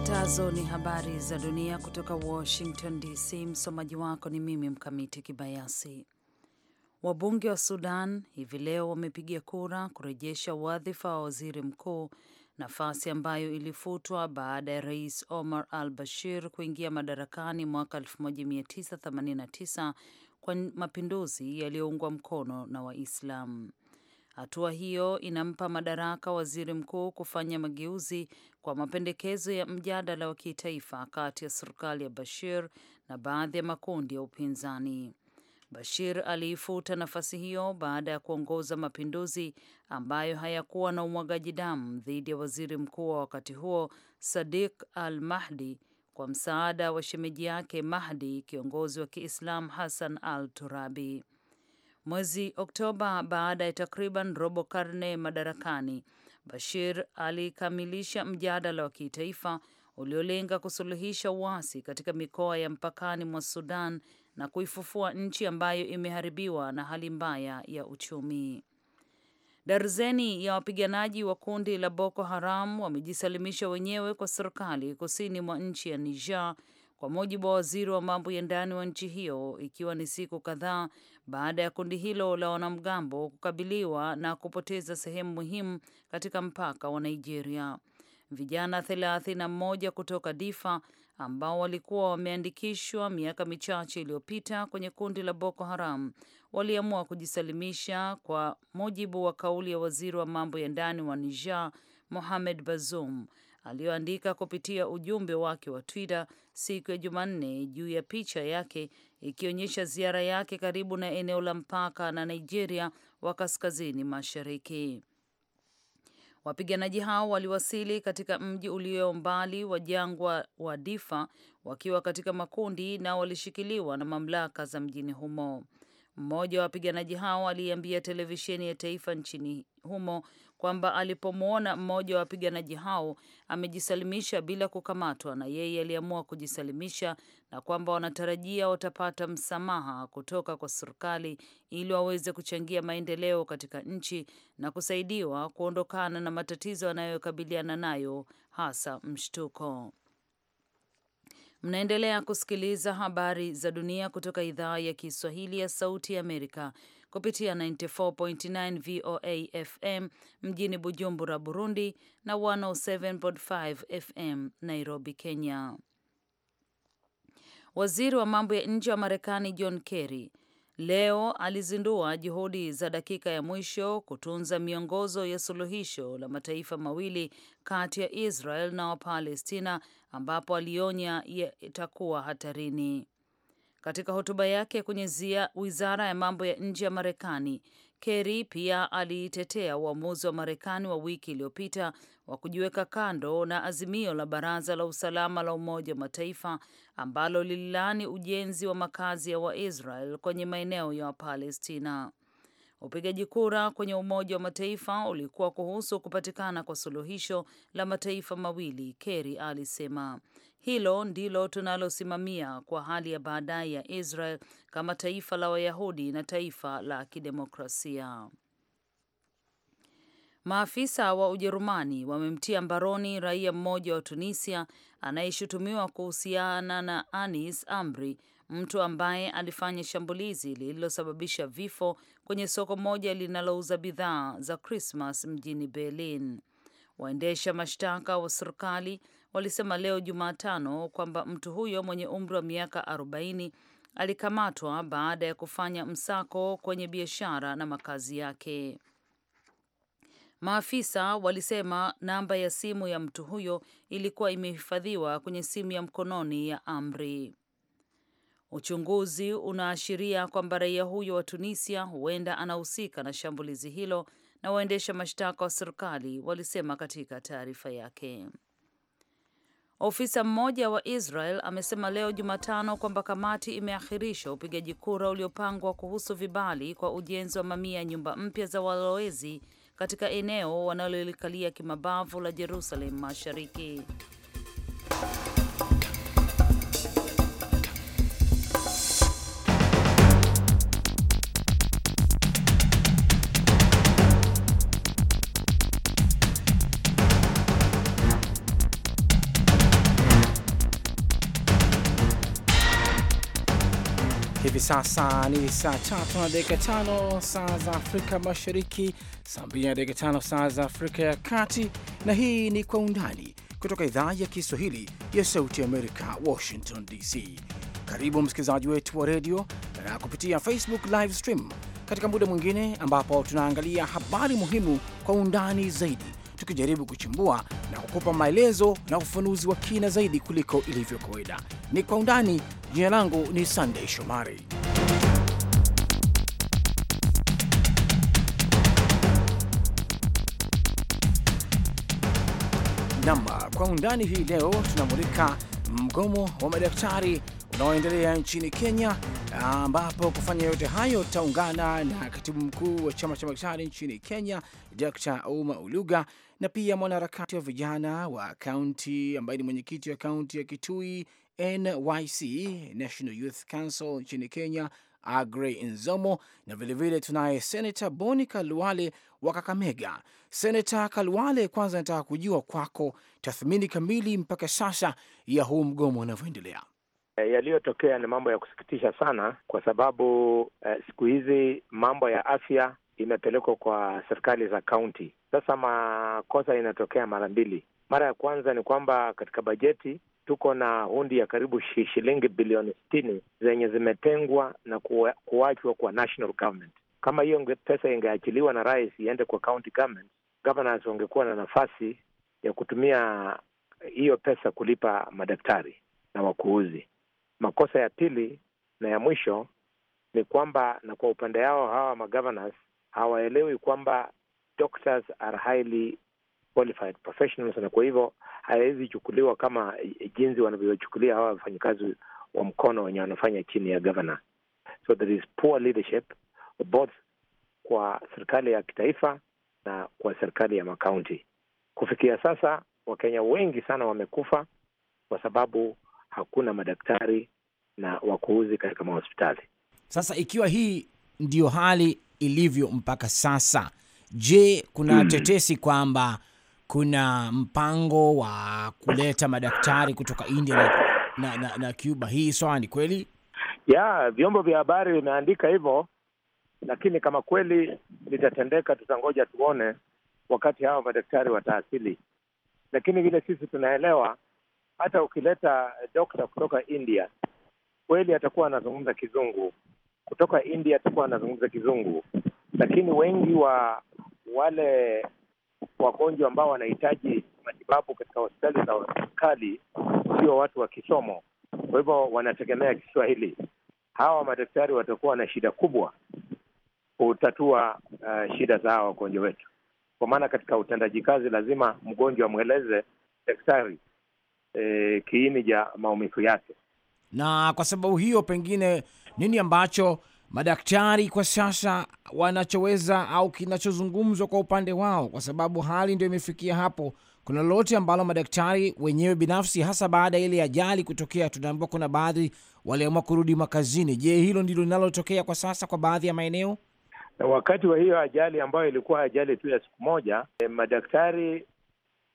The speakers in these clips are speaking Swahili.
Zifuatazo ni habari za dunia kutoka Washington DC. Msomaji wako ni mimi Mkamiti Kibayasi. Wabunge wa Sudan hivi leo wamepiga kura kurejesha wadhifa wa waziri mkuu, nafasi ambayo ilifutwa baada ya rais Omar al Bashir kuingia madarakani mwaka 1989 kwa mapinduzi yaliyoungwa mkono na Waislamu. Hatua hiyo inampa madaraka waziri mkuu kufanya mageuzi kwa mapendekezo ya mjadala wa kitaifa kati ya serikali ya Bashir na baadhi ya makundi ya upinzani. Bashir aliifuta nafasi hiyo baada ya kuongoza mapinduzi ambayo hayakuwa na umwagaji damu dhidi ya waziri mkuu wa wakati huo Sadiq Al Mahdi kwa msaada wa shemeji yake Mahdi, kiongozi wa Kiislam Hassan Al Turabi. Mwezi Oktoba, baada ya takriban robo karne madarakani, Bashir alikamilisha mjadala wa kitaifa uliolenga kusuluhisha uasi katika mikoa ya mpakani mwa Sudan na kuifufua nchi ambayo imeharibiwa na hali mbaya ya uchumi. Darzeni ya wapiganaji wa kundi la Boko Haram wamejisalimisha wenyewe kwa serikali kusini mwa nchi ya Niger, kwa mujibu wa waziri wa mambo ya ndani wa nchi hiyo, ikiwa ni siku kadhaa baada ya kundi hilo la wanamgambo kukabiliwa na kupoteza sehemu muhimu katika mpaka wa Nigeria. Vijana 31 kutoka Difa ambao walikuwa wameandikishwa miaka michache iliyopita kwenye kundi la Boko Haram waliamua kujisalimisha kwa mujibu wa kauli ya waziri wa mambo ya ndani wa Niger, Mohamed Bazoum aliyoandika kupitia ujumbe wake wa Twitter siku ya Jumanne juu ya picha yake ikionyesha ziara yake karibu na eneo la mpaka na Nigeria wa kaskazini mashariki. Wapiganaji hao waliwasili katika mji ulio mbali wa jangwa wa Difa wakiwa katika makundi na walishikiliwa na mamlaka za mjini humo. Mmoja wa wapiganaji hao aliambia televisheni ya taifa nchini humo kwamba alipomwona mmoja wa wapiganaji hao amejisalimisha bila kukamatwa, na yeye aliamua kujisalimisha na kwamba wanatarajia watapata msamaha kutoka kwa serikali ili waweze kuchangia maendeleo katika nchi na kusaidiwa kuondokana na matatizo anayokabiliana nayo hasa mshtuko. Mnaendelea kusikiliza habari za dunia kutoka idhaa ya Kiswahili ya Sauti ya Amerika kupitia 94.9 VOA FM mjini Bujumbura, Burundi na 107.5 FM Nairobi, Kenya. Waziri wa mambo ya nje wa Marekani John Kerry leo alizindua juhudi za dakika ya mwisho kutunza miongozo ya suluhisho la mataifa mawili kati ya Israel na Wapalestina ambapo alionya itakuwa hatarini. Katika hotuba yake kwenye zia wizara ya mambo ya nje ya Marekani, Kerry pia aliitetea uamuzi wa Marekani wa wiki iliyopita wa kujiweka kando na azimio la Baraza la Usalama la Umoja wa Mataifa ambalo lililaani ujenzi wa makazi ya Waisrael kwenye maeneo ya Wapalestina. Upigaji kura kwenye Umoja wa Mataifa ulikuwa kuhusu kupatikana kwa suluhisho la mataifa mawili, Kerry alisema. Hilo ndilo tunalosimamia kwa hali ya baadaye ya Israel kama taifa la Wayahudi na taifa la kidemokrasia. Maafisa wa Ujerumani wamemtia mbaroni raia mmoja wa Tunisia anayeshutumiwa kuhusiana na Anis Amri, mtu ambaye alifanya shambulizi lililosababisha vifo kwenye soko moja linalouza bidhaa za Krismas mjini Berlin. Waendesha mashtaka wa serikali walisema leo Jumatano kwamba mtu huyo mwenye umri wa miaka 40 alikamatwa baada ya kufanya msako kwenye biashara na makazi yake. Maafisa walisema namba ya simu ya mtu huyo ilikuwa imehifadhiwa kwenye simu ya mkononi ya Amri. Uchunguzi unaashiria kwamba raia huyo wa Tunisia huenda anahusika na shambulizi hilo, na waendesha mashtaka wa serikali walisema katika taarifa yake. Ofisa mmoja wa Israel amesema leo Jumatano kwamba kamati imeahirisha upigaji kura uliopangwa kuhusu vibali kwa ujenzi wa mamia ya nyumba mpya za walowezi katika eneo wanalolikalia kimabavu la Jerusalem Mashariki. Sasa ni saa tatu na dakika tano saa za Afrika Mashariki, saa mbili na dakika tano saa za Afrika ya Kati, na hii ni Kwa Undani kutoka idhaa ya Kiswahili ya Sauti Amerika, Washington DC. Karibu msikilizaji wetu wa redio na kupitia Facebook live stream katika muda mwingine ambapo tunaangalia habari muhimu kwa undani zaidi, tukijaribu kuchimbua na kukupa maelezo na ufafanuzi wa kina zaidi kuliko ilivyo kawaida. Ni Kwa Undani. Jina langu ni Sandey Shomari. namba. Kwa undani hii leo tunamulika mgomo wa madaktari unaoendelea nchini Kenya, ambapo kufanya yote hayo tutaungana na katibu mkuu wa chama cha madaktari nchini Kenya, Dr. Ouma uluga na pia mwanaharakati wa vijana wa kaunti ambaye ni mwenyekiti wa kaunti ya Kitui NYC, National Youth Council nchini Kenya, Agrey Nzomo, na vilevile tunaye Senata Boni Kalwale wa Kakamega. Senata Kalwale, kwanza nataka kujua kwako tathmini kamili mpaka sasa ya huu mgomo unavyoendelea. Eh, yaliyotokea ni mambo ya kusikitisha sana, kwa sababu e, siku hizi mambo ya afya imepelekwa kwa serikali za kaunti. Sasa makosa inatokea mara mbili. Mara ya kwanza ni kwamba katika bajeti tuko na hundi ya karibu shilingi bilioni sitini zenye zimetengwa na kuachwa kwa national government. Kama hiyo pesa ingeachiliwa na rais iende kwa county government, governors wangekuwa na nafasi ya kutumia hiyo pesa kulipa madaktari na wakuuzi. Makosa ya pili na ya mwisho ni kwamba, na kwa upande yao hawa magovernors hawaelewi kwamba doctors are highly qualified professionals, na kwa hivyo hawezi chukuliwa kama eh, jinsi wanavyochukulia hawa wafanyikazi wa mkono wenye wanafanya chini ya governor. So there is poor leadership both kwa serikali ya kitaifa na kwa serikali ya makaunti. Kufikia sasa, Wakenya wengi sana wamekufa kwa sababu hakuna madaktari na wakuuzi katika mahospitali. Sasa ikiwa hii ndiyo hali ilivyo mpaka sasa, je, kuna mm. tetesi kwamba kuna mpango wa kuleta madaktari kutoka India na, na, na, na Cuba. Hii swala ni kweli ya vyombo vya habari vimeandika hivyo, lakini kama kweli litatendeka, tutangoja tuone wakati hawa madaktari wataasili. Lakini vile sisi tunaelewa, hata ukileta dokta kutoka India kweli atakuwa anazungumza Kizungu, kutoka India atakuwa anazungumza Kizungu, lakini wengi wa wale wagonjwa ambao wanahitaji matibabu katika hospitali za serikali sio watu wa kisomo, kwa hivyo wanategemea Kiswahili. Hawa madaktari watakuwa na shida kubwa kutatua uh, shida za hawa wagonjwa wetu, kwa maana katika utendaji kazi lazima mgonjwa amweleze daktari e, kiini cha ja maumivu yake, na kwa sababu hiyo pengine nini ambacho madaktari kwa sasa wanachoweza au kinachozungumzwa kwa upande wao, kwa sababu hali ndio imefikia hapo. Kuna lolote ambalo madaktari wenyewe binafsi, hasa baada ya ile ajali kutokea, tunaambiwa kuna baadhi waliamua kurudi makazini. Je, hilo ndilo linalotokea kwa sasa kwa baadhi ya maeneo? Na wakati wa hiyo ajali ambayo ilikuwa ajali tu ya siku moja, eh, madaktari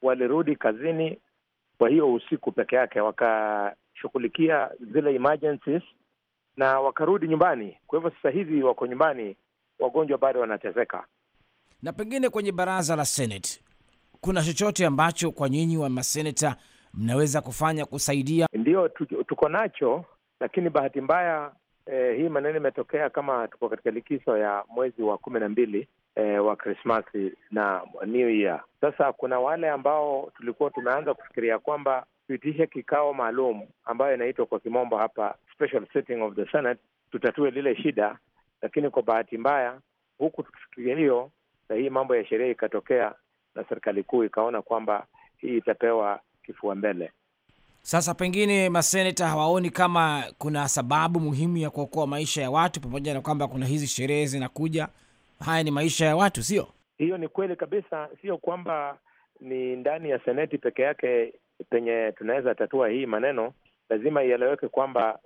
walirudi kazini kwa hiyo usiku peke yake, wakashughulikia zile emergencies na wakarudi nyumbani. Kwa hivyo sasa hivi wako nyumbani, wagonjwa bado wanatezeka Na pengine kwenye baraza la Senate kuna chochote ambacho kwa nyinyi wa maseneta mnaweza kufanya kusaidia? ndio tuko nacho, lakini bahati mbaya eh, hii maneno imetokea kama tuko katika likizo ya mwezi wa kumi na mbili eh, wa Krismasi na New Year. Sasa kuna wale ambao tulikuwa tumeanza kufikiria kwamba tuitishe kikao maalum ambayo inaitwa kwa kimombo hapa special sitting of the Senate tutatue lile shida, lakini kwa bahati mbaya, huku tukifikiria hiyo na hii mambo ya sheria ikatokea, na serikali kuu ikaona kwamba hii itapewa kifua mbele. Sasa pengine maseneta hawaoni kama kuna sababu muhimu ya kuokoa maisha ya watu, pamoja na kwamba kuna hizi sherehe zinakuja. Haya ni maisha ya watu, sio? Hiyo ni kweli kabisa, sio kwamba ni ndani ya seneti peke yake penye tunaweza tatua hii maneno. Lazima ieleweke kwamba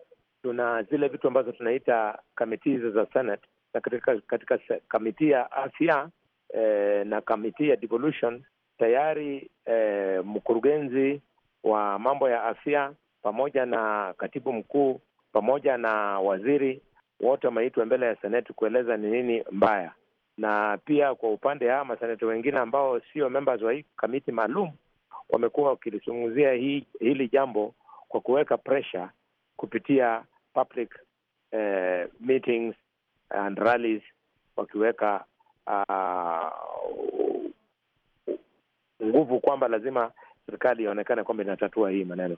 tuna zile vitu ambazo tunaita kamiti hizo za Senate na katika, katika kamiti ya afya eh, na kamiti ya devolution tayari eh, mkurugenzi wa mambo ya afya pamoja na katibu mkuu pamoja na waziri wote wameitwa mbele ya seneti kueleza ni nini mbaya, na pia kwa upande hawa maseneti wengine ambao sio members wa hii kamiti maalum wamekuwa wakilizungumzia hili jambo kwa kuweka presha kupitia public uh, meetings and rallies, wakiweka ah, nguvu uh, kwamba lazima serikali ionekane kwamba inatatua hii maneno.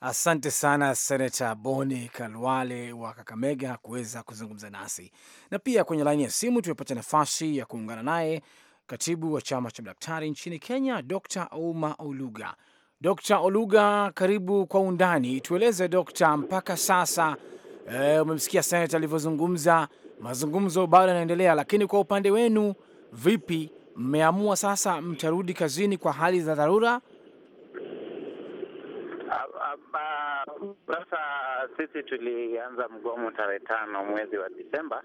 Asante sana Senata Boni Kalwale wa Kakamega kuweza kuzungumza nasi, na pia kwenye laini ya simu tumepata nafasi ya kuungana naye katibu wa chama cha madaktari nchini Kenya, Dr Ouma Oluga. Dkt. Oluga, karibu kwa undani. Tueleze dokta mpaka sasa e, umemsikia seneta alivyozungumza, mazungumzo bado yanaendelea, lakini kwa upande wenu vipi? Mmeamua sasa mtarudi kazini kwa hali za dharura Uh, sasa sisi tulianza mgomo tarehe tano mwezi wa Disemba,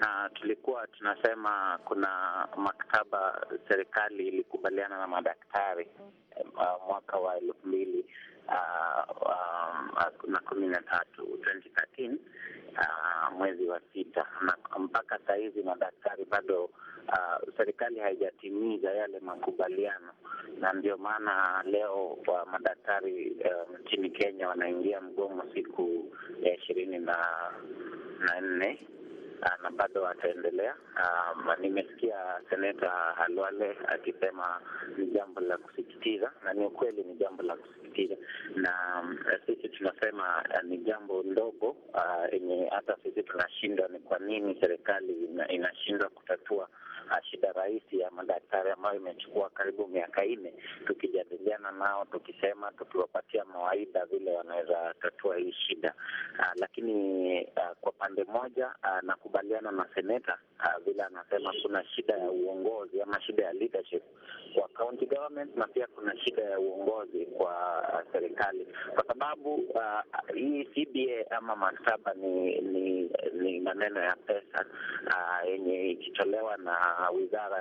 na tulikuwa tunasema kuna maktaba, serikali ilikubaliana na madaktari uh, mwaka wa elfu mbili uh, um, na kumi na tatu 2013 uh, mwezi wa sita, na mpaka sahizi madaktari bado uh, serikali haijatimiza yale makubaliano, na ndio maana leo wa madaktari um, nchini um, Kenya wanaingia mgomo siku ya ishirini na nne uh, na bado wataendelea. Um, nimesikia seneta Halwale akisema ni jambo la kusikitiza, na ni ukweli, ni jambo la kusikitiza, na um, sisi tunasema uh, ni jambo ndogo uh, yenye uh, hata sisi tunashindwa. Ni kwa nini serikali inashindwa kutatua na shida rahisi ya madaktari ambayo imechukua karibu miaka nne tukijadiliana nao, tukisema, tukiwapatia mawaidha vile wanaweza tatua hii shida. Uh, lakini uh, kwa pande moja uh, nakubaliana na seneta uh, vile anasema kuna shida ya uongozi ama shida ya leadership kwa county government na pia kuna shida ya uongozi kwa uh, serikali kwa sababu uh, hii CBA ama maktaba ni ni, ni maneno ya pesa yenye uh, ikitolewa na wizara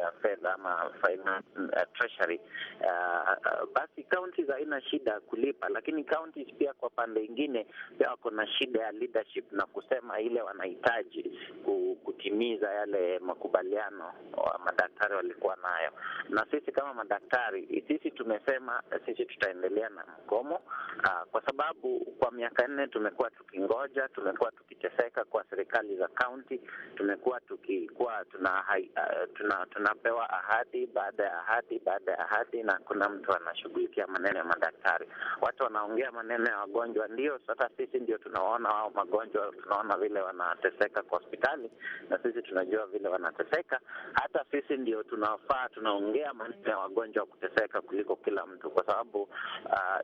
ya fedha ama finance, uh, treasury uh, uh, basi kaunti haina shida ya kulipa, lakini kaunti pia kwa pande ingine pia wako na shida ya leadership na kusema ile wanahitaji kutimiza yale makubaliano wa madaktari walikuwa nayo, na sisi kama madaktari sisi tumesema sisi tutaendelea na mgomo uh, kwa sababu kwa miaka nne tumekuwa tukingoja, tumekuwa tukiteseka kwa serikali za kaunti, tumekuwa tukikuwa na uh, tuna, tunapewa ahadi baada ya ahadi baada ya ahadi, na kuna mtu anashughulikia maneno ya madaktari. Watu wanaongea maneno ya wagonjwa, ndio sasa sisi ndio tunaona wao magonjwa, tunaona vile wanateseka kwa hospitali, na sisi tunajua vile wanateseka. Hata sisi ndio tunafaa tunaongea maneno ya wagonjwa kuteseka kuliko kila mtu, kwa sababu uh,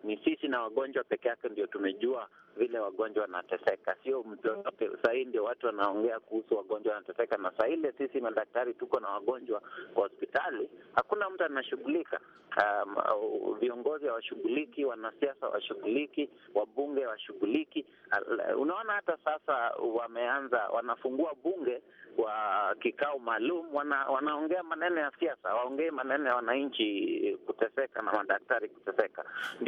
ni sisi na wagonjwa peke yake ndio tumejua vile wagonjwa wanateseka, sio mtu Sahii ndio watu wanaongea kuhusu wagonjwa wanateseka, na saa ile sisi madaktari tuko na wagonjwa kwa hospitali, hakuna mtu anashughulika. Um, uh, viongozi hawashughuliki, wanasiasa hawashughuliki, wabunge hawashughuliki. Uh, unaona, hata sasa wameanza, wanafungua bunge wa kikao maalum, wana, wanaongea maneno ya siasa, waongee maneno ya wananchi kuteseka na madaktari kuteseka.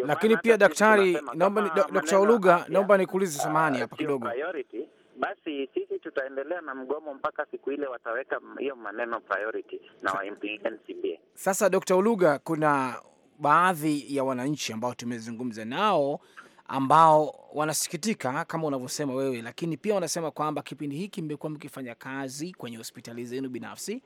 lakini pia daktari, naomba Dkt. Oluga, naomba nikuulize, samahani uh, hapa kidogo priority basi sisi tutaendelea na mgomo mpaka siku ile wataweka hiyo maneno priority na wa Sasa Dr. Uluga, kuna baadhi ya wananchi ambao tumezungumza nao ambao wanasikitika kama unavyosema wewe, lakini pia wanasema kwamba kipindi hiki mmekuwa mkifanya kazi kwenye hospitali zenu binafsi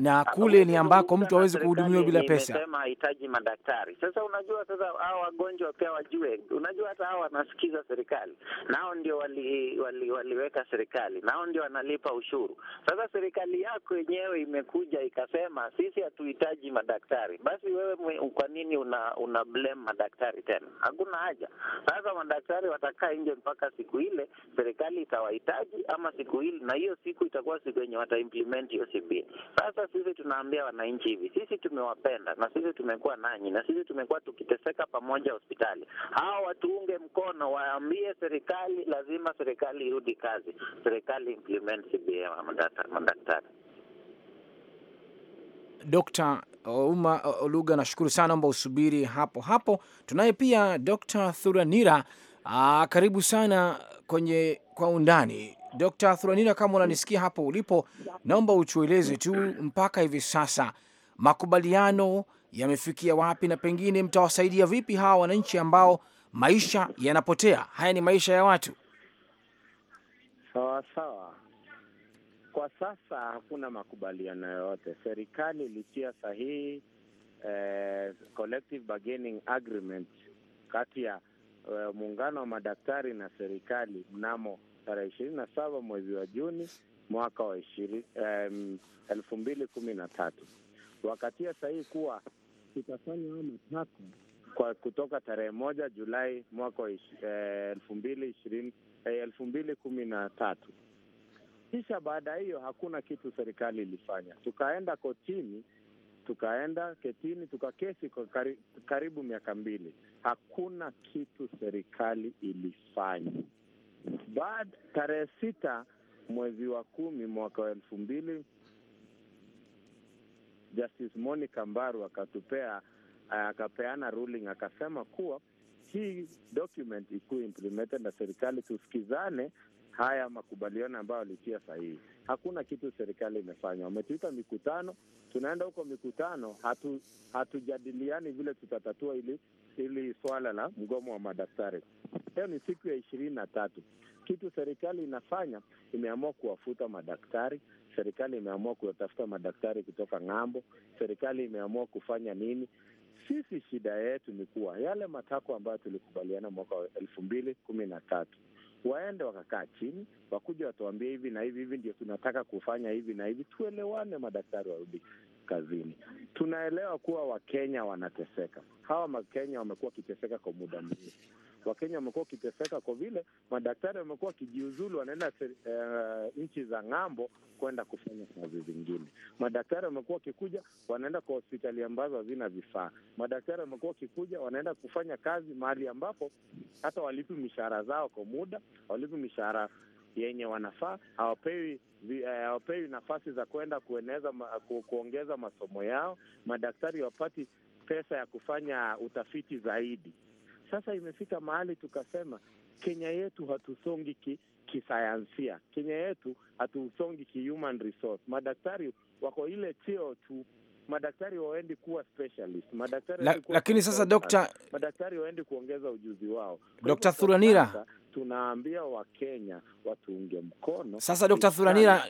na kule ni ambako mtu hawezi kuhudumiwa bila pesa. Nimesema hahitaji madaktari. Sasa unajua, sasa hao wagonjwa pia wajue, unajua hata hao wanasikiza serikali, nao ndio wali, wali, waliweka serikali, nao ndio wanalipa ushuru. Sasa serikali yako yenyewe imekuja ikasema sisi hatuhitaji madaktari, basi wewe kwa nini una, una blame madaktari tena? Hakuna haja. Sasa madaktari watakaa nje mpaka siku ile serikali itawahitaji ama siku ile, na hiyo siku itakuwa siku yenye wataimplement hiyo CBA. Sasa sasa sisi tunaambia wananchi hivi, sisi tumewapenda na sisi tumekuwa nanyi na sisi tumekuwa tukiteseka pamoja hospitali. Hawa watuunge mkono, waambie serikali, lazima serikali irudi kazi, serikali implement CBA madaktari. Dr. Uh, Uma uh, Oluga, nashukuru sana, naomba usubiri hapo hapo. Tunaye pia Dr. Thuranira. Aa, uh, karibu sana kwenye kwa undani Dr. thuranina kama unanisikia hapo ulipo, naomba utueleze tu mpaka hivi sasa makubaliano yamefikia wapi na pengine mtawasaidia vipi hawa wananchi ambao maisha yanapotea? Haya ni maisha ya watu. Sawa sawa. Kwa sasa hakuna makubaliano yoyote. Serikali ilitia sahihi eh, collective bargaining agreement kati ya eh, muungano wa madaktari na serikali mnamo tarehe ishirini na saba mwezi wa Juni mwaka wa um, elfu mbili kumi na tatu wakatia sahihi kuwa tutafanya hayo matako kwa kutoka tarehe moja Julai mwaka wa eh, elfu mbili ishirini eh, elfu mbili kumi na tatu. Kisha baada ya hiyo hakuna kitu serikali ilifanya. Tukaenda kotini, tukaenda ketini, tukakesi kwa karibu miaka mbili. Hakuna kitu serikali ilifanya baada tarehe sita mwezi wa kumi mwaka wa elfu mbili Justice Monica Mbaru akatupea akapeana ruling akasema kuwa hii document ikuwe implemented na serikali, tusikizane haya makubaliano ambayo walitia sahihi. Hakuna kitu serikali imefanya. Wametuita mikutano, tunaenda huko mikutano, hatujadiliani hatu vile tutatatua ili hili swala la mgomo wa madaktari. Leo ni siku ya ishirini na tatu. Kitu serikali inafanya, imeamua kuwafuta madaktari. Serikali imeamua kuwatafuta madaktari kutoka ng'ambo. Serikali imeamua kufanya nini? Sisi shida yetu ni kuwa yale matakwa ambayo tulikubaliana mwaka wa elfu mbili kumi na tatu waende wakakaa chini, wakuja watuambie hivi na hivi hivi, ndio tunataka kufanya hivi na hivi, tuelewane, madaktari warudi kazini. Tunaelewa kuwa Wakenya wanateseka, hawa Wakenya wamekuwa wakiteseka kwa muda mrefu. Wakenya wamekuwa wakiteseka kwa vile madaktari wamekuwa wakijiuzulu, wanaenda uh, nchi za ng'ambo kwenda kufanya kazi zingine. Madaktari wamekuwa wakikuja, wanaenda kwa hospitali ambazo hazina vifaa. Madaktari wamekuwa wakikuja, wanaenda kufanya kazi mahali ambapo hata walipi mishahara zao kwa muda, walipi mishahara yenye wanafaa, hawapewi Eh, hawapewi nafasi za kwenda kueneza ma, ku, kuongeza masomo yao. Madaktari wapati pesa ya kufanya utafiti zaidi. Sasa imefika mahali tukasema Kenya yetu hatusongi ki, kisayansia. Kenya yetu hatusongi ki human resource. Madaktari wako ile cheo tu madaktari waendi kuwa specialist. Madaktari La, kuwa lakini sasa dokta, madaktari waendi kuongeza ujuzi wao. Dokta Thuranira, tunaambia Wakenya watuunge mkono. Sasa Dokta Thuranira,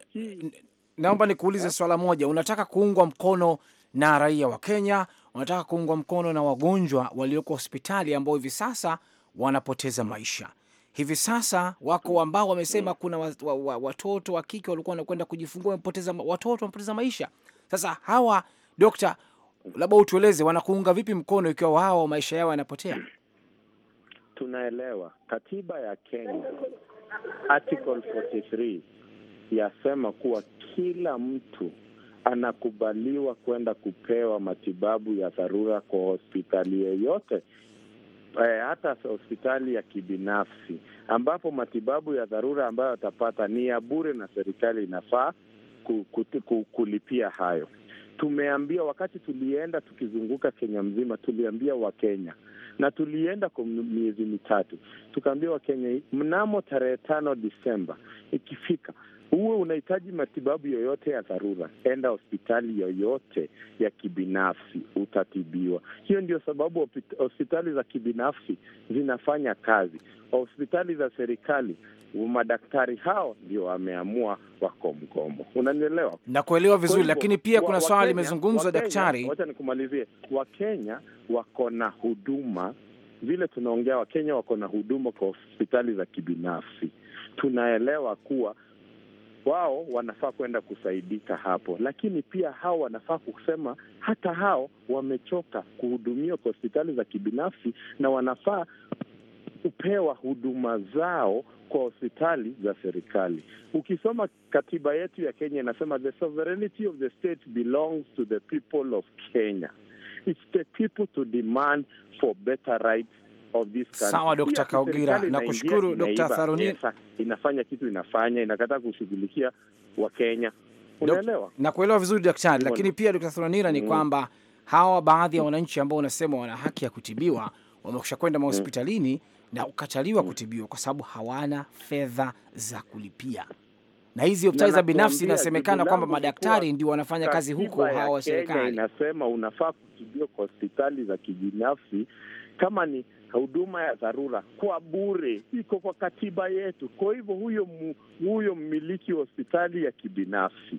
naomba nikuulize eh? swala moja. Unataka kuungwa mkono na raia wa Kenya, unataka kuungwa mkono na wagonjwa walioko hospitali ambao hivi sasa wanapoteza maisha. Hivi sasa wako mm. ambao wamesema mm. kuna watoto wa kike walikuwa wanakwenda kujifungua, wamepoteza watoto, wamepoteza maisha. Sasa hawa Dokta, labda utueleze wanakuunga vipi mkono ikiwa wao maisha yao yanapotea? Tunaelewa katiba ya Kenya article 43 yasema kuwa kila mtu anakubaliwa kwenda kupewa matibabu ya dharura kwa hospitali yeyote E, eh, hata hospitali ya kibinafsi ambapo matibabu ya dharura ambayo atapata ni ya bure na serikali inafaa kulipia hayo tumeambia, wakati tulienda tukizunguka Kenya mzima, tuliambia Wakenya na tulienda kwa miezi mitatu, tukaambia Wakenya mnamo tarehe tano Disemba ikifika huwe unahitaji matibabu yoyote ya dharura, enda hospitali yoyote ya kibinafsi utatibiwa. Hiyo ndio sababu hospitali za kibinafsi zinafanya kazi. Hospitali za serikali, madaktari hao ndio wameamua wako mgomo. Unanielewa? Nakuelewa vizuri, lakini pia kuna swala limezungumzwa daktari. Wacha nikumalizie. Wakenya wako na huduma vile tunaongea, Wakenya wako na huduma kwa hospitali za kibinafsi. Tunaelewa kuwa wao wanafaa kwenda kusaidika hapo, lakini pia hao wanafaa kusema hata hao wamechoka kuhudumiwa kwa hospitali za kibinafsi na wanafaa kupewa huduma zao kwa hospitali za serikali. Ukisoma katiba yetu ya Kenya inasema the sovereignty of the state belongs to the people of Kenya. It's the people to demand for better rights Sawa, Dr. Kaugira, nakushukuru Dr. Tharuni. Inafanya kitu inafanya inakataa kushughulikia Wakenya, unaelewa na kuelewa vizuri daktari, lakini pia Dr. Tharunira ni mm. kwamba hawa baadhi ya wananchi ambao unasema wana haki ya kutibiwa wamekusha kwenda mm. mahospitalini mm. na ukataliwa mm. kutibiwa kwa sababu hawana fedha za kulipia na hizi hospitali za binafsi inasemekana kwamba madaktari ndio wanafanya kazi huko, hawa wa serikali. Inasema unafaa kutibiwa kwa hospitali za kibinafsi kama ni huduma ya dharura kwa bure, iko kwa katiba yetu. Kwa hivyo huyo mu, huyo mmiliki wa hospitali ya kibinafsi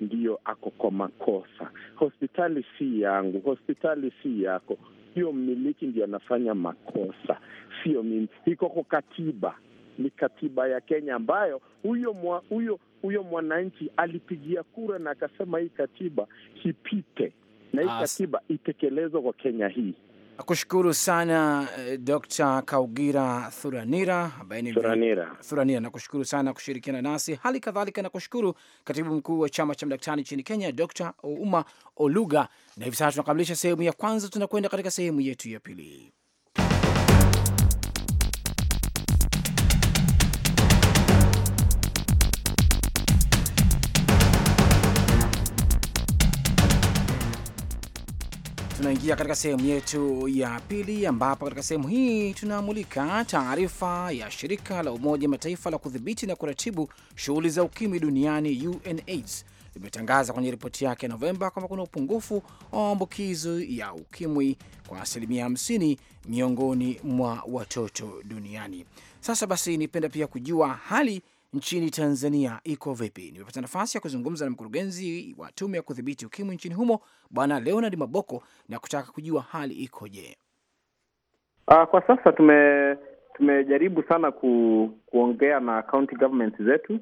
ndiyo ako kwa makosa. Hospitali si yangu, hospitali si yako, hiyo mmiliki ndio anafanya makosa, sio mimi. Iko kwa katiba, ni katiba ya Kenya ambayo huyo mwa, huyo huyo mwananchi alipigia kura na akasema hii katiba ipite na hii katiba itekelezwe kwa Kenya hii. Nakushukuru sana eh, Dr. Kaugira Thuranira ambaye ni Thuranira. Thuranira, nakushukuru sana kushirikiana nasi. Hali kadhalika nakushukuru katibu mkuu wa chama cha madaktari nchini Kenya, Dr. Ouma Oluga. Na hivi sasa tunakamilisha sehemu ya kwanza, tunakwenda katika sehemu yetu ya pili. tunaingia katika sehemu yetu ya pili, ambapo katika sehemu hii tunamulika taarifa ya shirika la Umoja Mataifa la kudhibiti na kuratibu shughuli za ukimwi duniani UNAIDS limetangaza kwenye ripoti yake ya Novemba kwamba kuna upungufu wa maambukizi ya ukimwi kwa asilimia 50 miongoni mwa watoto duniani. Sasa basi, nipenda pia kujua hali nchini Tanzania iko vipi? Nimepata nafasi ya kuzungumza na mkurugenzi wa tume ya kudhibiti ukimwi nchini humo Bwana Leonard Maboko na kutaka kujua hali ikoje. Uh, kwa sasa tume tumejaribu sana ku, kuongea na county government zetu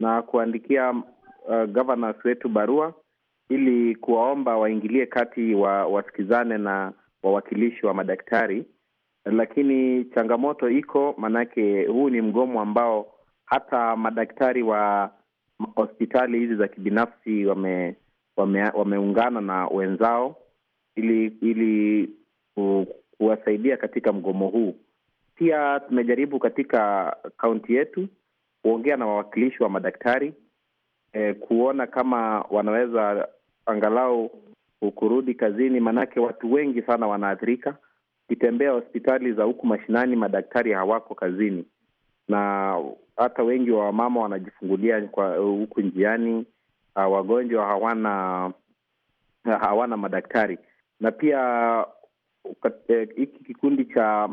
na kuandikia uh, governors wetu barua ili kuwaomba waingilie kati wa wasikizane na wawakilishi wa madaktari, lakini changamoto iko, maanake huu ni mgomo ambao hata madaktari wa hospitali hizi za kibinafsi wame, wame, wameungana na wenzao ili ili kuwasaidia katika mgomo huu. Pia tumejaribu katika kaunti yetu kuongea na wawakilishi wa madaktari eh, kuona kama wanaweza angalau kurudi kazini, maanake watu wengi sana wanaathirika. Ukitembea hospitali za huku mashinani, madaktari hawako kazini na hata wengi wa wamama wanajifungulia kwa huku njiani. Uh, wagonjwa hawana hawana madaktari na pia eh, hiki uh, kikundi cha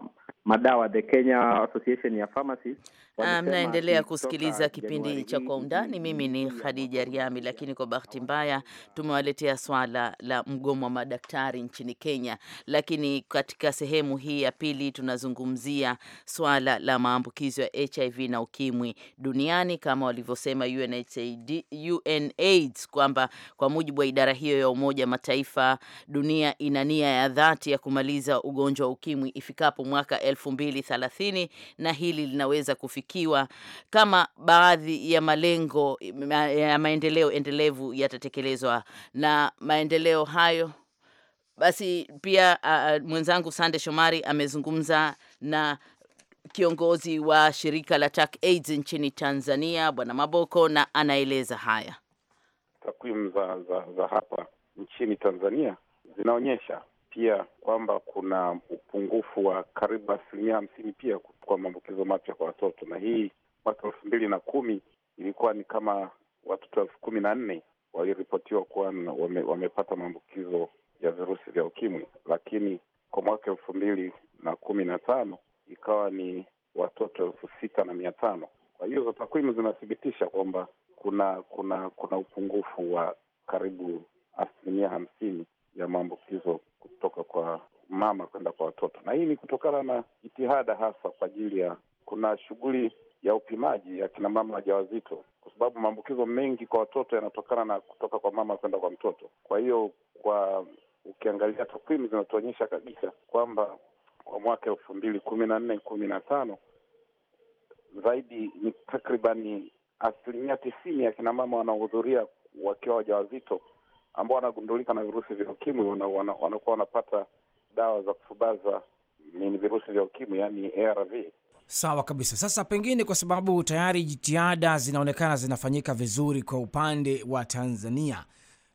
madawa the Kenya Association ya Pharmacy. Ah, mnaendelea kusikiliza kipindi cha Kwa Undani. Mimi ni Khadija Riami, lakini kwa bahati mbaya tumewaletea swala la mgomo wa madaktari nchini Kenya, lakini katika sehemu hii ya pili tunazungumzia swala la maambukizo ya HIV na ukimwi duniani kama walivyosema UNAID, UNAIDS kwamba kwa mujibu wa idara hiyo ya Umoja Mataifa, dunia ina nia ya dhati ya kumaliza ugonjwa wa ukimwi ifikapo mwaka 2030 na hili linaweza kufikiwa kama baadhi ya malengo ya maendeleo endelevu yatatekelezwa na maendeleo hayo basi pia uh, mwenzangu Sande Shomari amezungumza na kiongozi wa shirika la AIDS nchini Tanzania Bwana Maboko, na anaeleza haya. Takwimu za, za, za hapa nchini Tanzania zinaonyesha pia kwamba kuna upungufu wa karibu asilimia hamsini pia kwa maambukizo mapya kwa watoto, na hii mwaka elfu mbili na kumi ilikuwa ni kama watoto elfu kumi na nne waliripotiwa kuwa wame, wamepata maambukizo ya virusi vya ukimwi, lakini kwa mwaka elfu mbili na kumi na tano ikawa ni watoto elfu sita na mia tano. Kwa hiyo takwimu zinathibitisha kwamba kuna kuna kuna upungufu wa karibu asilimia hamsini ya maambukizo mama kwenda kwa watoto, na hii ni kutokana na jitihada hasa kwa ajili ya kuna shughuli ya upimaji ya kina mama wajawazito, kwa sababu maambukizo mengi kwa watoto yanatokana na kutoka kwa mama kwenda kwa mtoto. Kwa hiyo kwa ukiangalia takwimu zinatuonyesha kabisa kwamba kwa mwaka elfu mbili kumi na nne kumi na tano zaidi ni takribani asilimia tisini ya kinamama wanaohudhuria wakiwa wajawazito ambao wanagundulika na virusi vya ukimwi wanakuwa wanapata dawa za kufubaza nini virusi vya ukimwi, yani ARV. Sawa kabisa. Sasa pengine kwa sababu tayari jitihada zinaonekana zinafanyika vizuri kwa upande wa Tanzania,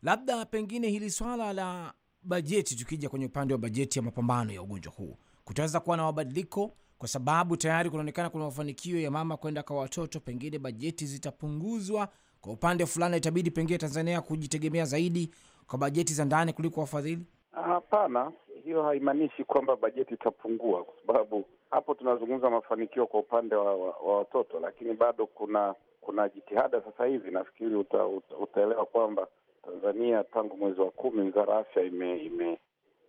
labda pengine hili swala la bajeti, tukija kwenye upande wa bajeti ya mapambano ya ugonjwa huu, kutaweza kuwa na mabadiliko kwa sababu tayari kunaonekana kuna mafanikio ya mama kwenda kwa watoto, pengine bajeti zitapunguzwa kwa upande fulani, itabidi pengine Tanzania kujitegemea zaidi kwa bajeti za ndani kuliko wafadhili? Hapana, hiyo haimaanishi kwamba bajeti itapungua, kwa sababu hapo tunazungumza mafanikio kwa upande wa, wa, wa watoto, lakini bado kuna kuna jitihada sasa hivi. Nafikiri uta, uta, utaelewa kwamba Tanzania tangu mwezi wa kumi wizara ya afya ime ime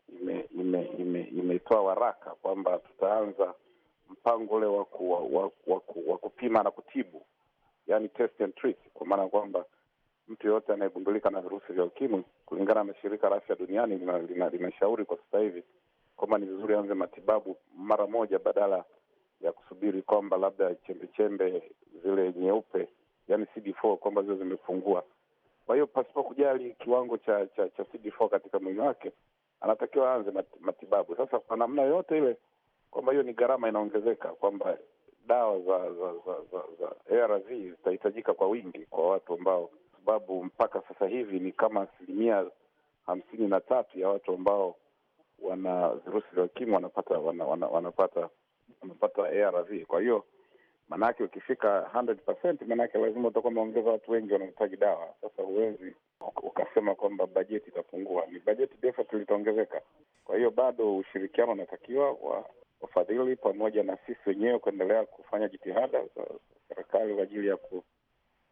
imetoa ime, ime, ime waraka kwamba tutaanza mpango ule wa kupima na kutibu, yani test and treat, kwa maana kwamba mtu yoyote anayegundulika na virusi vya ukimwi, kulingana na shirika la afya duniani linashauri kwa sasa hivi kwamba ni vizuri aanze matibabu mara moja badala ya kusubiri kwamba labda chembechembe zile nyeupe, yani CD4 kwamba zio zimepungua. Kwa hiyo pasipo kujali kiwango cha cha, cha CD4 katika mwili wake anatakiwa aanze matibabu sasa, kwa namna yoyote ile, kwamba hiyo ni gharama inaongezeka, kwamba dawa za za za, za, za ARV zitahitajika kwa wingi kwa watu ambao sababu mpaka sasa hivi ni kama asilimia hamsini na tatu ya watu ambao wana virusi vya ukimwi wanapata wana, wana, wanapata wanapata ARV. Kwa hiyo maanake ukifika 100% maanake lazima utakuwa umeongeza watu wengi wanahitaji dawa. Sasa huwezi ukasema kwamba bajeti itapungua, ni bajeti deficit litaongezeka. Kwa hiyo bado ushirikiano unatakiwa wa wafadhili pamoja na sisi wenyewe kuendelea kufanya jitihada za serikali kwa ajili ya ku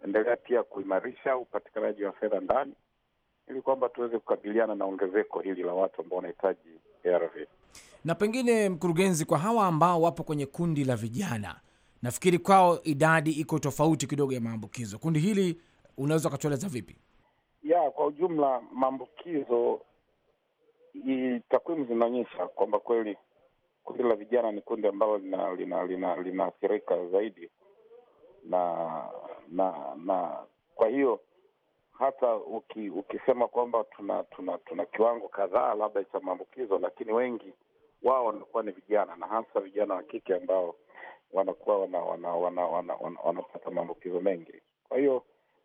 endelea pia kuimarisha upatikanaji wa fedha ndani ili kwamba tuweze kukabiliana na ongezeko hili la watu ambao wanahitaji ARV. Na pengine, mkurugenzi, kwa hawa ambao wapo kwenye kundi la vijana, nafikiri kwao idadi iko tofauti kidogo ya maambukizo. Kundi hili unaweza ukatueleza vipi? Ya, kwa ujumla maambukizo, takwimu zinaonyesha kwamba kweli kundi la vijana ni kundi ambalo linaathirika lina, lina, lina zaidi na na na kwa hiyo hata uki, ukisema kwamba tuna tuna tuna kiwango kadhaa labda cha maambukizo, lakini wengi wao wanakuwa ni vijana na hasa vijana wa kike ambao wanakuwa wanapata wana, wana, wana, wana, wana maambukizo mengi. Kwa hiyo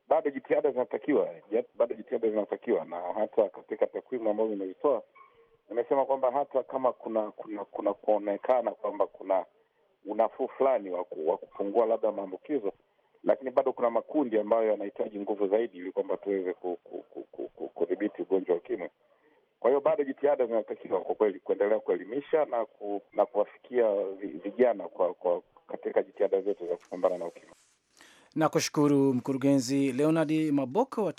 bado jitihada zinatakiwa, bado jitihada zinatakiwa, na hata katika takwimu ambazo imezitoa imesema kwamba hata kama kuna kuna kunaonekana kuna kwamba kuna unafuu fulani wa kupungua labda maambukizo, lakini bado kuna makundi ambayo yanahitaji nguvu zaidi ili kwamba tuweze kudhibiti ugonjwa wa ukimwi. Kwa hiyo bado jitihada zinatakiwa kwa kweli kuendelea kuelimisha na ku, na kuwafikia vijana kwa, kwa katika jitihada zetu za kupambana na ukimwi. Na kushukuru mkurugenzi Leonard Maboko wa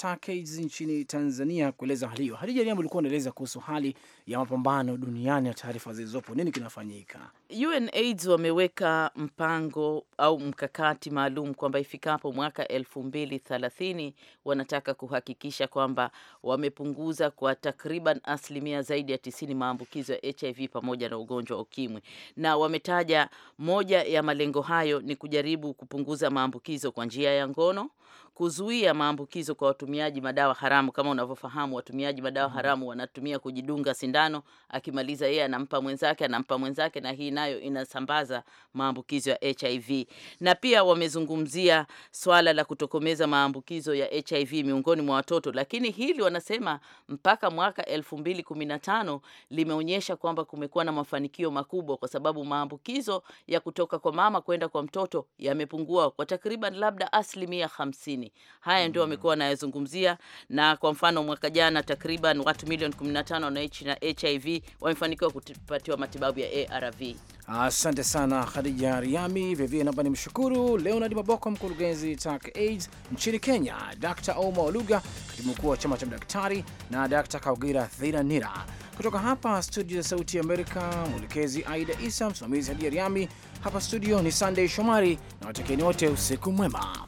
nchini Tanzania kueleza hali hiyo. Hadija Riambo ulikuwa unaeleza kuhusu hali ya mapambano duniani ya taarifa zilizopo, nini kinafanyika? UNAIDS wameweka mpango au mkakati maalum kwamba ifikapo mwaka elfu mbili thelathini wanataka kuhakikisha kwamba wamepunguza kwa takriban asilimia zaidi ya tisini maambukizo ya HIV pamoja na ugonjwa wa ukimwi, na wametaja moja ya malengo hayo ni kujaribu kupunguza maambukizo kwa njia ya ngono kuzuia maambukizo kwa watumiaji madawa haramu. Kama unavyofahamu, watumiaji madawa mhm. haramu wanatumia kujidunga sindano, akimaliza yeye anampa mwenzake, anampa mwenzake, na hii nayo inasambaza maambukizo ya HIV. Na pia wamezungumzia swala la kutokomeza maambukizo ya HIV miongoni mwa watoto, lakini hili wanasema mpaka mwaka 2015 limeonyesha kwamba kumekuwa na mafanikio makubwa, kwa sababu maambukizo ya kutoka kwa mama kwenda kwa mtoto yamepungua kwa takriban labda asilimia 50 nini. Haya ndio wamekuwa mm. wanayazungumzia, na kwa mfano mwaka jana takriban watu milioni 15 wanaishi na HIV wamefanikiwa kupatiwa matibabu ya ARV. Asante sana Khadija Riami. Vilevile naomba nimshukuru Leonard Maboko, mkurugenzi TAC AIDS nchini Kenya, Dr oma Oluga, katibu mkuu wa chama cha madaktari, na Dr Kaugira Thiranira. Kutoka hapa studio za Sauti ya Amerika, mwelekezi Aida Isa, msimamizi Hadia Riami. Hapa studio ni Sandey Shomari na watakieni wote usiku mwema.